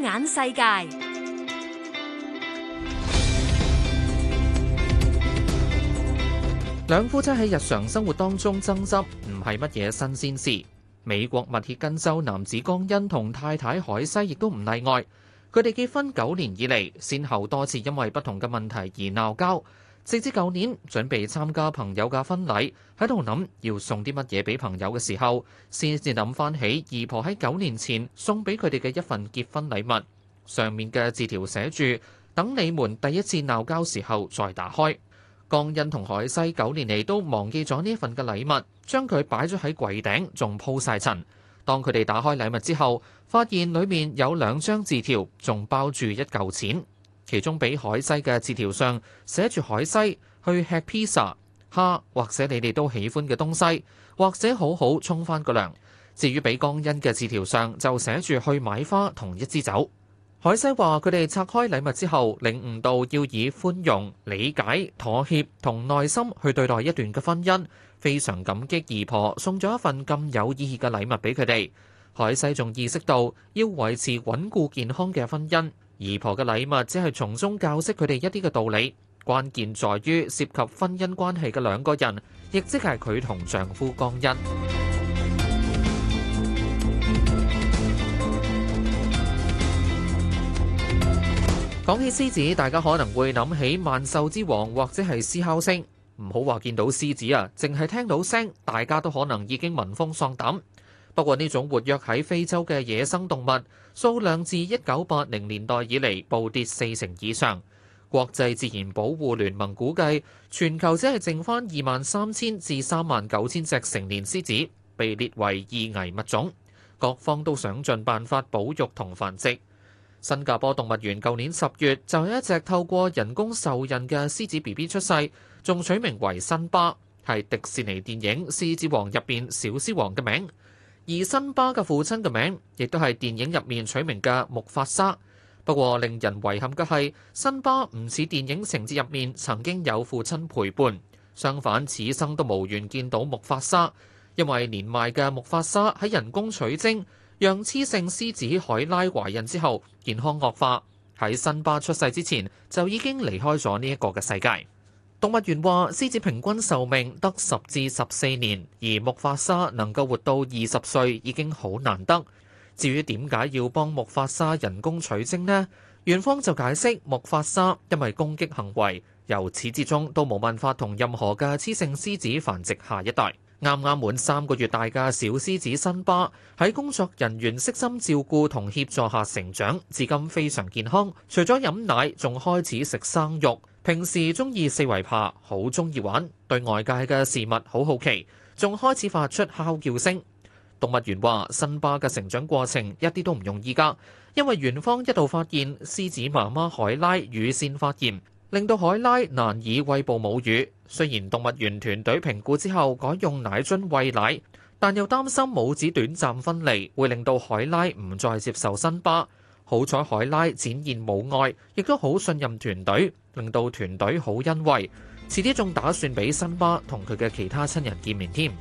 眼世界，兩夫妻喺日常生活當中爭執，唔係乜嘢新鮮事。美國密歇根州男子江恩同太太海西亦都唔例外。佢哋結婚九年以嚟，先後多次因為不同嘅問題而鬧交。直至舊年準備參加朋友嘅婚禮，喺度諗要送啲乜嘢俾朋友嘅時候，先至諗翻起姨婆喺九年前送俾佢哋嘅一份結婚禮物，上面嘅字條寫住：等你們第一次鬧交時候再打開。江恩同海西九年嚟都忘記咗呢份嘅禮物，將佢擺咗喺櫃頂，仲鋪晒塵。當佢哋打開禮物之後，發現裡面有兩張字條，仲包住一嚿錢。其中俾海西嘅字條上寫住，海西，去吃披薩、蝦，或者你哋都喜歡嘅東西，或者好好沖返個涼。至於俾江欣嘅字條上就寫住，去買花同一支酒。海西話佢哋拆開禮物之後，領悟到要以寬容、理解、妥協同耐心去對待一段嘅婚姻，非常感激姨婆送咗一份咁有意義嘅禮物俾佢哋。海西仲意識到要維持穩固健康嘅婚姻。姨婆嘅禮物，只係從中教識佢哋一啲嘅道理。關鍵在於涉及婚姻關係嘅兩個人，亦即係佢同丈夫江恩。講起獅子，大家可能會諗起萬獸之王，或者係獅吼聲。唔好話見到獅子啊，淨係聽到聲，大家都可能已經聞風喪膽。不過呢種活躍喺非洲嘅野生動物數量，自一九八零年代以嚟暴跌四成以上。國際自然保護聯盟估計，全球只係剩返二萬三千至三萬九千隻成年獅子，被列為易危物種。各方都想盡辦法保育同繁殖。新加坡動物園舊年十月就有一隻透過人工受孕嘅獅子 BB 出世，仲取名為辛巴，係迪士尼電影《獅子王》入邊小獅王嘅名。而辛巴嘅父親嘅名，亦都係電影入面取名嘅木法沙。不過，令人遺憾嘅係，辛巴唔似電影情節入面曾經有父親陪伴，相反，此生都無緣見到木法沙，因為年邁嘅木法沙喺人工取精讓雌性獅子海拉懷孕之後，健康惡化，喺辛巴出世之前就已經離開咗呢一個嘅世界。動物園話：獅子平均壽命得十至十四年，而木法沙能夠活到二十歲已經好難得。至於點解要幫木法沙人工取精呢？院方就解釋木法沙因為攻擊行為，由始至終都冇辦法同任何嘅雌性獅子繁殖下一代。啱啱滿三個月大嘅小獅子辛巴喺工作人員悉心照顧同協助下成長，至今非常健康，除咗飲奶，仲開始食生肉。平時中意四圍爬，好中意玩，對外界嘅事物好好奇，仲開始發出哮叫聲。動物園話：新巴嘅成長過程一啲都唔容易㗎，因為園方一度發現獅子媽媽海拉乳腺發炎，令到海拉難以餵哺母乳。雖然動物園團隊評估之後改用奶樽餵奶，但又擔心母子短暫分離會令到海拉唔再接受新巴。好彩海拉展現母愛，亦都好信任團隊，令到團隊好欣慰。遲啲仲打算俾辛巴同佢嘅其他親人見面添。